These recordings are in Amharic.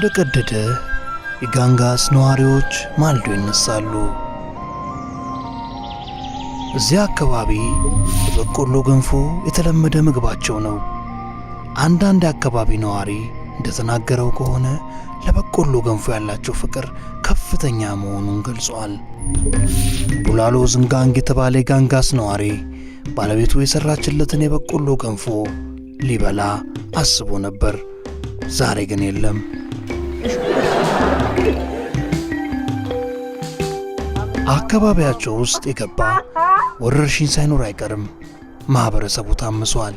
እንደቀደደ የጋንጋስ ነዋሪዎች ማልዶ ይነሳሉ። እዚያ አካባቢ በበቆሎ ገንፎ የተለመደ ምግባቸው ነው። አንዳንድ የአካባቢ ነዋሪ እንደተናገረው ከሆነ ለበቆሎ ገንፎ ያላቸው ፍቅር ከፍተኛ መሆኑን ገልጿል። ቡላሎ ዝንጋንግ የተባለ የጋንጋስ ነዋሪ ባለቤቱ የሠራችለትን የበቆሎ ገንፎ ሊበላ አስቦ ነበር። ዛሬ ግን የለም። አካባቢያቸው ውስጥ የገባ ወረርሽኝ ሳይኖር አይቀርም። ማህበረሰቡ ታምሷል።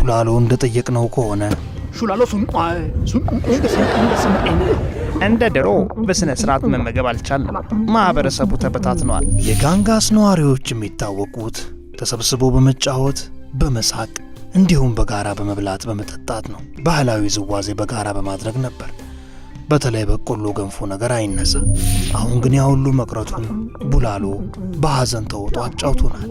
ሹላሎ እንደጠየቅነው ከሆነ ሹላሎ እንደ ድሮ በሥነ ሥርዓት መመገብ አልቻለም። ማኅበረሰቡ ተበታትነዋል። የጋንጋስ ነዋሪዎች የሚታወቁት ተሰብስቦ በመጫወት በመሳቅ እንዲሁም በጋራ በመብላት በመጠጣት ነው። ባህላዊ ዝዋዜ በጋራ በማድረግ ነበር። በተለይ በቆሎ ገንፎ ነገር አይነሳ። አሁን ግን ያ ሁሉ መቅረቱን ቡላሎ በሐዘን ተውጦ አጫውቶናል።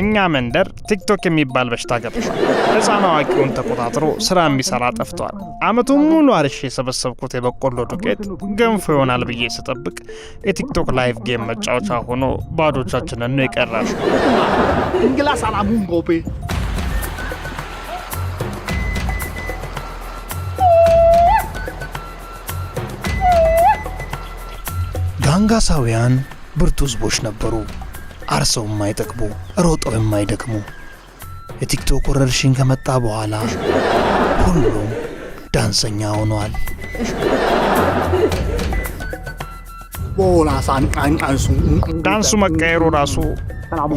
እኛ መንደር ቲክቶክ የሚባል በሽታ ገብቷል። ሕፃን አዋቂውን ተቆጣጥሮ ስራ የሚሰራ ጠፍቷል። አመቱን ሙሉ አርሽ የሰበሰብኩት የበቆሎ ዱቄት ገንፎ ይሆናል ብዬ ስጠብቅ የቲክቶክ ላይቭ ጌም መጫወቻ ሆኖ ባዶቻችንን ነው ጎቤ አንጋሳውያን ብርቱ ህዝቦች ነበሩ። አርሰው የማይጠቅሙ ሮጠው የማይደክሙ። የቲክቶክ ወረርሽኝ ከመጣ በኋላ ሁሉም ዳንሰኛ ሆኗል። ዳንሱ መቀየሩ ራሱ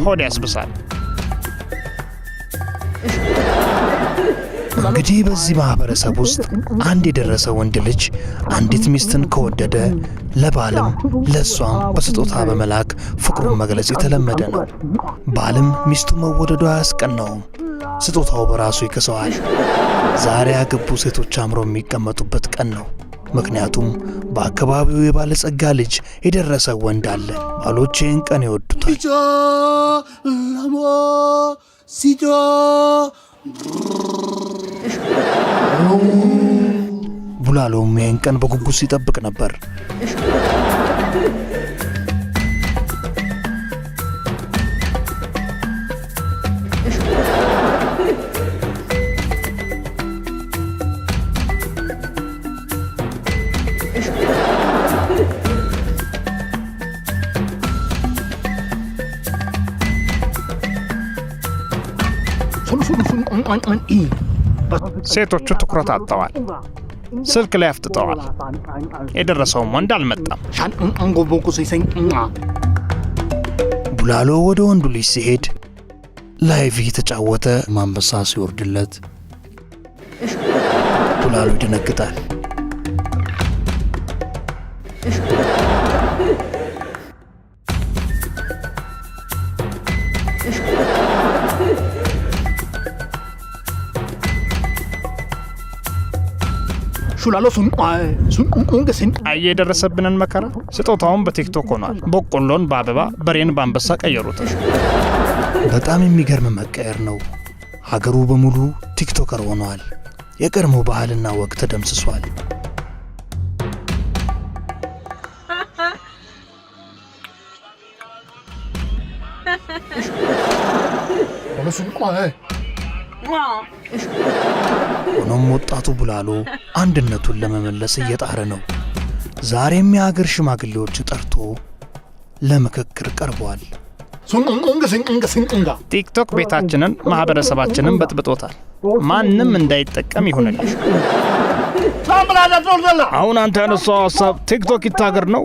ሆድ ያስብሳል። እንግዲህ በዚህ ማህበረሰብ ውስጥ አንድ የደረሰ ወንድ ልጅ አንዲት ሚስትን ከወደደ ለባልም ለእሷም በስጦታ በመላክ ፍቅሩን መግለጽ የተለመደ ነው። ባልም ሚስቱ መወደዱ አያስቀናውም፣ ስጦታው በራሱ ይክሰዋል። ዛሬ ያገቡ ሴቶች አምረው የሚቀመጡበት ቀን ነው። ምክንያቱም በአካባቢው የባለጸጋ ልጅ የደረሰ ወንድ አለ። ባሎች ይህን ቀን ይወዱታል። ሲጆ Bulalo men kan bako gusi tab kana bar. Sunu sunu sunu an an an i ሴቶቹ ትኩረት አጥተዋል። ስልክ ላይ አፍጥጠዋል። የደረሰውም ወንድ አልመጣም። ቡላሎ ወደ ወንዱ ልጅ ሲሄድ ላይቭ እየተጫወተ ማንበሳ ሲወርድለት ቡላሎ ይደነግጣል። ሹላሎ የደረሰብንን መከራ ስጦታውን በቲክቶክ ሆኗል። በቆሎን በአበባ በሬን በአንበሳ ቀየሩት። በጣም የሚገርም መቀየር ነው። ሀገሩ በሙሉ ቲክቶከር ሆኗል። የቀድሞ ባህልና ወግ ተደምስሷል። ሆኖም ወጣቱ ቡላሎ አንድነቱን ለመመለስ እየጣረ ነው። ዛሬም የአገር ሽማግሌዎች ጠርቶ ለምክክር ቀርቧል። ቲክቶክ ቤታችንን ማህበረሰባችንን በጥብጦታል። ማንም እንዳይጠቀም ይሆንልሽ። አሁን አንተ ያነሳው ሀሳብ ቲክቶክ ይታገር ነው።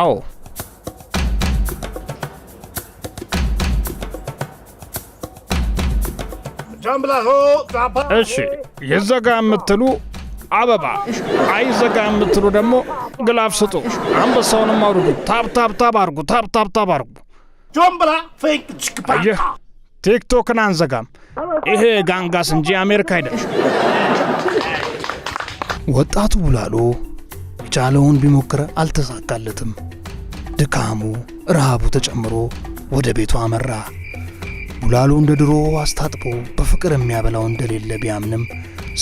አዎ እሺ ይዘጋ የምትሉ አበባ አይዘጋ የምትሉ ደግሞ ግላፍ ስጡ። አንበሳውንም አውርዱ። ታብታብታብ አርጉ። ታብታብታብ አርጉ። አየህ ቲክቶክን አንዘጋም። ይሄ ጋንጋስ እንጂ አሜሪካ አይደለም። ወጣቱ ቡላሎ ቻለውን ቢሞክረ አልተሳካለትም። ድካሙ፣ ረሃቡ ተጨምሮ ወደ ቤቱ አመራ። ዱላሎ እንደ ድሮ አስታጥቦ በፍቅር የሚያበላው እንደሌለ ቢያምንም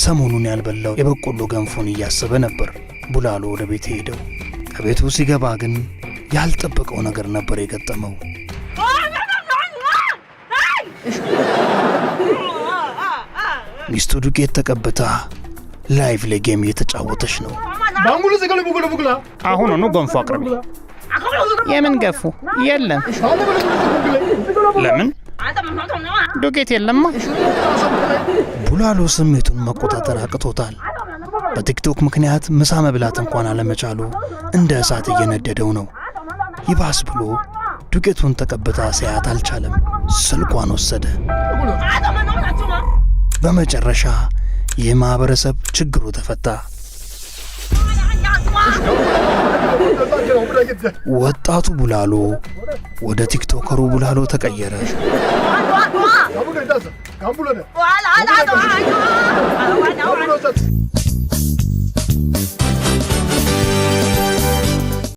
ሰሞኑን ያልበላው የበቆሎ ገንፎን እያሰበ ነበር ቡላሎ ወደ ቤት ሄደው። ከቤቱ ሲገባ ግን ያልጠበቀው ነገር ነበር የገጠመው። ሚስቱ ዱቄት ተቀብታ ላይቭ ላይ ጌም እየተጫወተች ነው። አሁኑኑ ገንፎ አቅርቢ። የምን ገፉ የለም። ለምን ዱቄት የለማ። ቡላሎ ስሜቱን መቆጣጠር አቅቶታል። በቲክቶክ ምክንያት ምሳ መብላት እንኳን አለመቻሉ እንደ እሳት እየነደደው ነው። ይባስ ብሎ ዱቄቱን ተቀብታ ሲያት አልቻለም። ስልኳን ወሰደ። በመጨረሻ ይህ ችግሩ ተፈታ። ወጣቱ ቡላሎ ወደ ቲክቶከሩ ቡላሎ ተቀየረ።